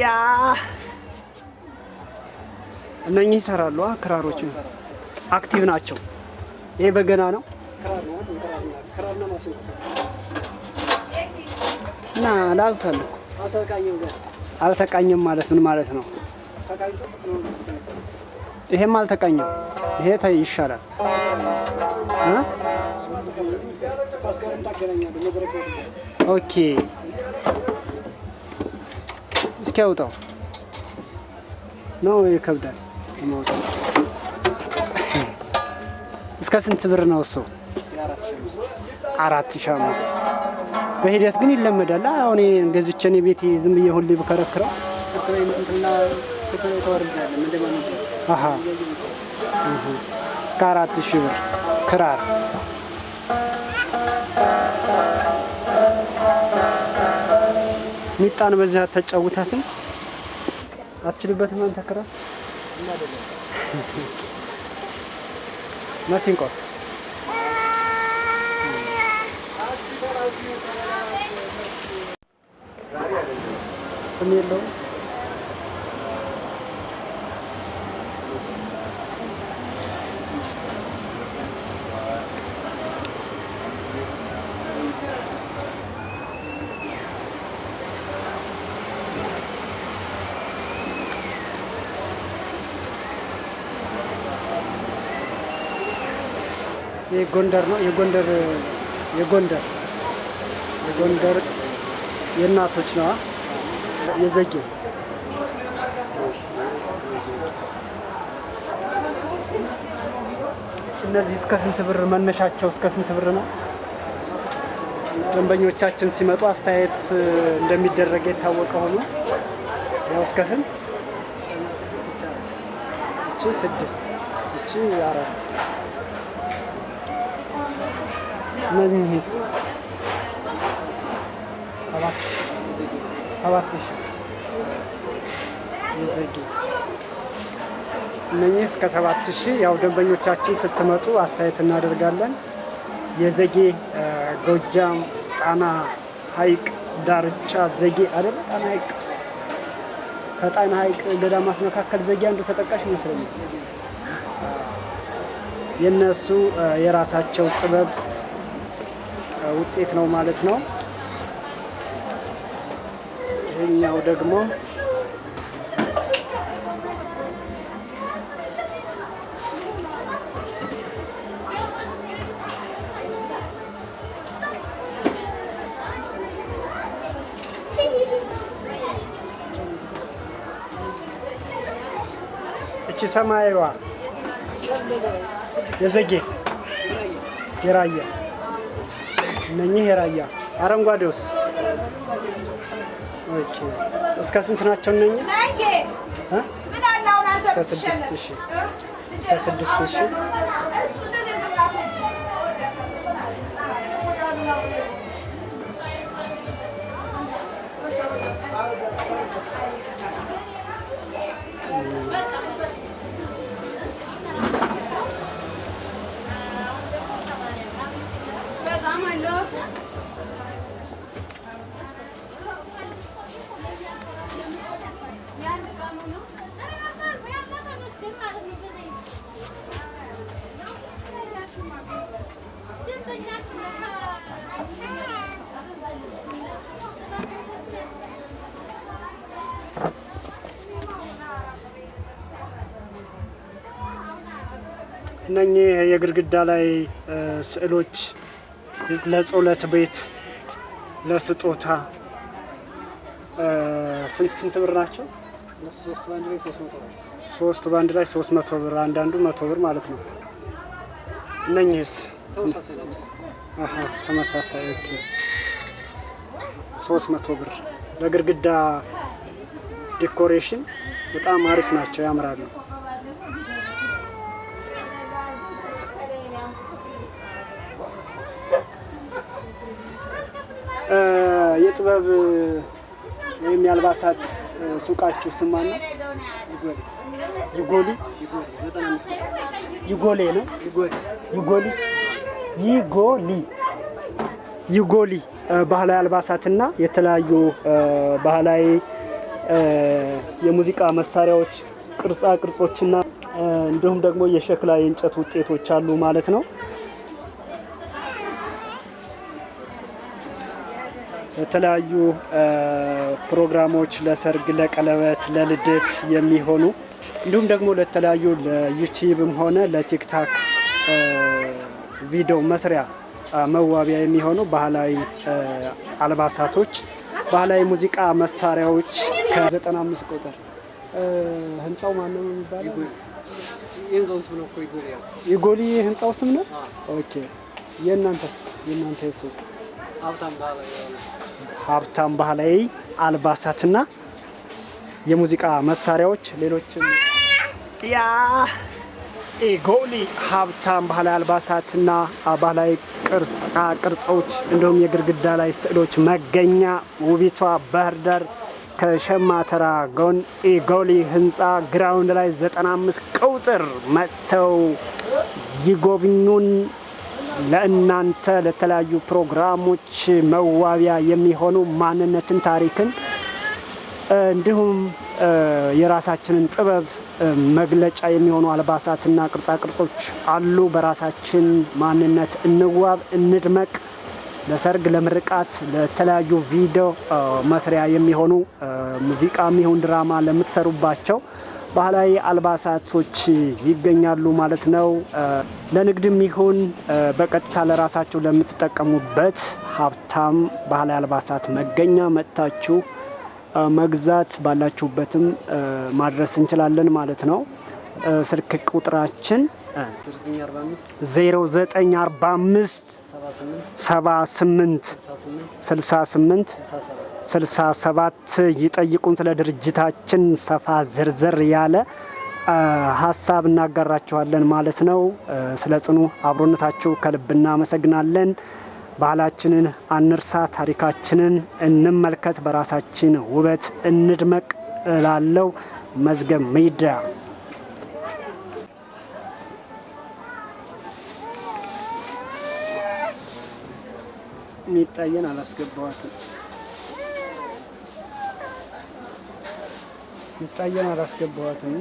ያ እነኚህ ይሰራሉ። ክራሮች አክቲቭ ናቸው። ይሄ በገና ነው እና ላልታለሁ አልተቃኘም ማለት ምን ማለት ነው? ይሄም አልተቃኘም። ይሄ ታይ ይሻላል። ኦኬ እስኪያውጣው ነው ይከብዳል። ማውጣት እስከ ስንት ብር ነው እሱ? አራት ሺህ አምስት በሂደት ግን ይለመዳል። አሁን እኔን ገዝቼ እኔ ቤቴ ዝም ብዬ ሁሌ ብከረክረው እስከ አራት ሺህ ብር ክራር ሚጣን በዚህ አታጫውታትም። አትችልበትም። አንተ ክራ ማሲንቆስ ስም የለውም። የጎንደር ነው። የጎንደር የጎንደር የጎንደር የእናቶች ነዋ የዘጌ እነዚህ እስከ ስንት ብር መነሻቸው እስከ ስንት ብር ነው? ደንበኞቻችን ሲመጡ አስተያየት እንደሚደረግ የታወቀ ሆኖ ያው እስከ ስንት እቺ ስድስት እቺ አራት እነዚህን ሂስ ሰባት ሺህ የዘጌ እነኚህ እስከ ሰባት ሺህ ያው ደንበኞቻችን ስትመጡ አስተያየት እናደርጋለን። የዘጌ ጎጃም ጣና ሐይቅ ዳርቻ ዘጌ አይደል? ጣና ሐይቅ ከጣና ሐይቅ ገዳማት መካከል ዘጌ አንዱ ተጠቃሽ ይመስለኛል። የነሱ የራሳቸው ጥበብ ውጤት ነው ማለት ነው። ይህኛው ደግሞ እቺ ሰማያዊዋ የዘጌ የራያ እነኚህ የራያ አረንጓዴውስ ኦኬ እስከ ስንት ናቸው እነኚህ እስከ ስድስት ሺህ እስከ ስድስት ሺህ እነኚህ የግድግዳ ላይ ስዕሎች ለጸሎት ቤት ለስጦታ ስንት ስንት ብር ናቸው? ሶስት ባንድ ላይ ሶስት መቶ ብር አንዳንዱ መቶ ብር ማለት ነው። እነኚህስ ተመሳሳይ ሶስት መቶ ብር ለግድግዳ ዲኮሬሽን በጣም አሪፍ ናቸው፣ ያምራሉ። የጥበብ ወይም የአልባሳት ሱቃችሁ ስማና ይጎሊ ይጎሌ ነው ይጎሊ ይጎሊ ይጎሊ ባህላዊ አልባሳትና የተለያዩ ባህላዊ የሙዚቃ መሳሪያዎች፣ ቅርጻ ቅርጾችና እንዲሁም ደግሞ የሸክላ የእንጨት ውጤቶች አሉ ማለት ነው። የተለያዩ ፕሮግራሞች ለሰርግ፣ ለቀለበት፣ ለልደት የሚሆኑ እንዲሁም ደግሞ ለተለያዩ ለዩቲዩብም ሆነ ለቲክታክ ቪዲዮ መስሪያ መዋቢያ የሚሆኑ ባህላዊ አልባሳቶች፣ ባህላዊ ሙዚቃ መሳሪያዎች ከ95 ቁጥር ህንፃው ማን ነው የሚባለው? የጎሊ ህንፃው ስም ነው። ኦኬ። የእናንተስ የእናንተ ባህላዊ ሀብታም ባህላዊ አልባሳትና የሙዚቃ መሳሪያዎች ሌሎችም ያ ጎሊ ሀብታም ባህላዊ አልባሳትና ባህላዊ ቅርጻ ቅርጾች እንዲሁም የግድግዳ ላይ ስዕሎች መገኛ ውቢቷ ባህር ዳር ከሸማተራ ጎን ኢጎሊ ህንፃ ግራውንድ ላይ 95 ቁጥር መጥተው ይጎብኙን። ለእናንተ ለተለያዩ ፕሮግራሞች መዋቢያ የሚሆኑ ማንነትን፣ ታሪክን እንዲሁም የራሳችንን ጥበብ መግለጫ የሚሆኑ አልባሳትና ቅርጻቅርጾች አሉ። በራሳችን ማንነት እንዋብ፣ እንድመቅ ለሰርግ፣ ለምርቃት፣ ለተለያዩ ቪዲዮ መስሪያ የሚሆኑ ሙዚቃ የሚሆን ድራማ ለምትሰሩባቸው ባህላዊ አልባሳቶች ይገኛሉ ማለት ነው። ለንግድም ይሁን በቀጥታ ለራሳችሁ ለምትጠቀሙበት ሀብታም ባህላዊ አልባሳት መገኛ መጥታችሁ መግዛት ባላችሁበትም ማድረስ እንችላለን ማለት ነው። ስልክ ቁጥራችን 0945 78 68 ሰባት ይጠይቁን ስለ ድርጅታችን ሰፋ ዝርዝር ያለ ሀሳብ እናጋራችኋለን ማለት ነው። ስለ ጽኑ አብሮነታችሁ ከልብ እናመሰግናለን። ባህላችንን አንርሳ፣ ታሪካችንን እንመልከት፣ በራሳችን ውበት እንድመቅ እላለው መዝገብ ሚዲያ የሚታየን አላስገባዋትም። ሚጣየን አላስገባኋትም